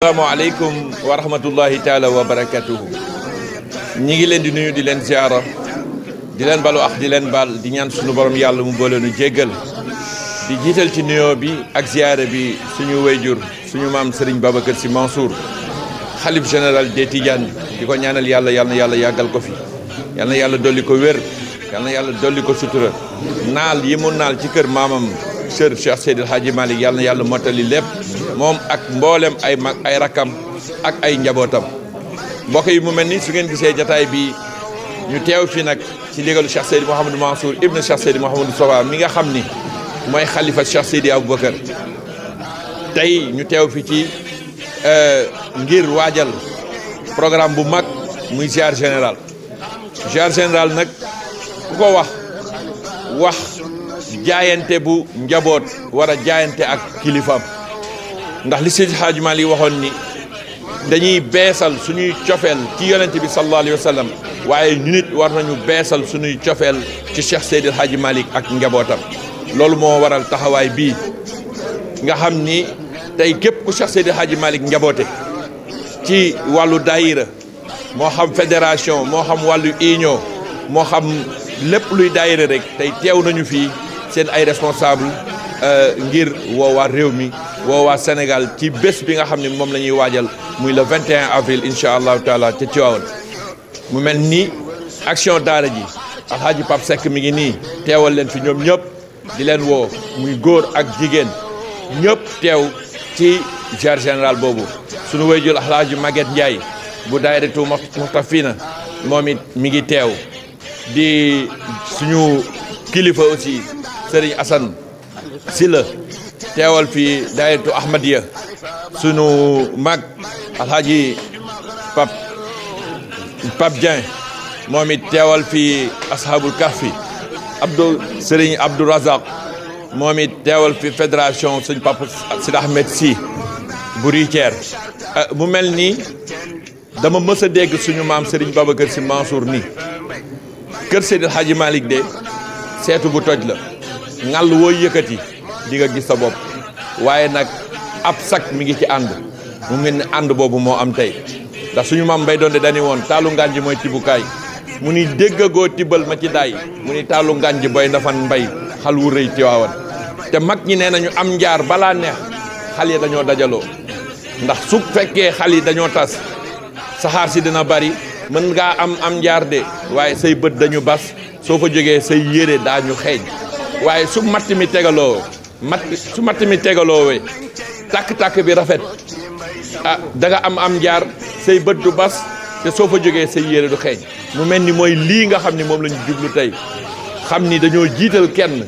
asalaamaaleykum wa rahmatullahi taala wa barakatuhu ñi ngi leen di nuyu di leen ziara di leen balu ax di leen bal di ñaan suñu borom yàlla mu boole nu jéggal di jiital ci nuyoo bi ak ziara bi suñu wayjur suñu maam sëriñ Serigne Babacar Sy Mansour xalif général des Tidianes di ko ñaanal yàlla yal yàlla yàggal ko fi yal yàlla dolli ko wér yàlla dolli ko sutura naal yi mu naal ci kër maamam sër Cheikh Seydil Hadji Malick yàlla yàlla mottali lépp moom ak mboolem ay mag ay rakkam ak ay njabootam mbokk yi mu mel ni su ngeen gisee jataay bi ñu teew fi nag ci ndigalu Cheikh Seydi Mouhamadou Mansour ibn Cheikh Seydi Mouhamadou Soba mi nga xam ni mooy xalifa Cheikh Seydi Aboubacar tey ñu teew fi ci euh, ngir waajal programme bu mag muy ziar général ziar général nag ku ko wax wax jaayante bu njaboot war a jaayante ak kilifaam ndax li Seydi Hadji Malick waxoon ni dañuy beesal suñuy cofeel ci yonent bi sallallahu alayhi wa waaye ñu nit war nañu beesal suñuy cofeel ci Cheikh Seydi Hadji Malick ak njabootam loolu moo waral taxawaay bii nga xam ni tey képp ku Cheikh Seydi malik Malick njaboote ci wàllu daayira moo xam fédération moo xam wàllu union moo xam lépp luy daayira rek tey teew nañu fii seen ay responsable euh, ngir woowaa réew mi woowaa Sénégal ci bés bi nga xam ne moom la ñuy waajal muy le 21 avril incha allahu taala ci Tiwaawan mu mel ni action daara ji alhaaji Pape Seck mi ngi nii teewal leen fi ñoom ñëpp di leen woo muy góor ak jigéen ñëpp teew ci jar général boobu sunu wéyjul alhaaji Maguette Ndiaye bu daayiratu Muxtafina moom it mi ngi teew di suñu kilifa aussi Serigne Assane sila teewal fi daayiratu Ahmadiya sunu mag alhaji Pap Pap Dieng moom fi ashabul kahfi Abdou Serigne Abdou Razak moom it fi fédération suñ papa Sid Ahmed Sy bu Ritière euh, mu mel ni dama mës a dégg suñu maam Serigne Babacar Sy Mansour nii kër Seydil Hadji Malick de seetu bu toj la ngal woo yëkkati di nga gis sa bopp waaye nag ab sak mi ngi ci ànd mu mel ni ànd boobu moo am tey ndax suñu maam mbay doonde dañu woon taalu ngànj mooy tibukaay mu ni déggagoo tibbal ma ci daay mu ni taalu boy ndafan mbay xal wu rëy tiwaawan te mag ñi nee am njaar balaa neex xal ya dañoo ndax su dañoo tas sahar si dina bari menga am am de waaye say bët dañu bas soo fa jógee yere yére daañu waaye su matt mi tegaloo matt su matt mi tegaloowee tàkk-tàkk bi rafet ah da nga am am njaar say bët du bas te soo fa jógee say yére du xeeñ mu mel ni mooy lii nga xam ni moom lañu ñu jublu tey xam ni dañoo jiital kenn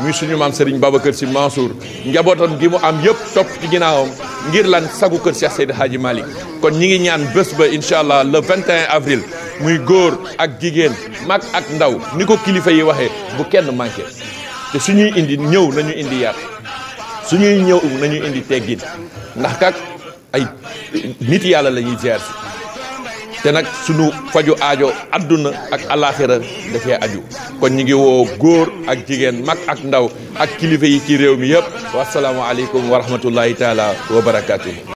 muy suñu maam Serigne Babacar Sy Mansour njabootam gi mu am yëpp topp ci ginnaawam ngir lan sagu kër Cheikh Seydi Hadji Malick kon ñi ngi ñaan bés ba incha allah le 21 avril muy góor ak jigéen mag ak ndaw ni ko kilifa yi waxee bu kenn manqué te suñuy indi ñëw nañu indi yar suñuy ñëw nañu indi teggin ndax kak ay nit yàlla la ñuy ziar si te nag sunu faju aajo adduna ak alaxira dafee aju kon ñu ngi góor ak jigéen mag ak ndaw ak kilifa yi ci réew mi yëpp wasalaamualeykum wa rahmatullahi taala wa barakaatu.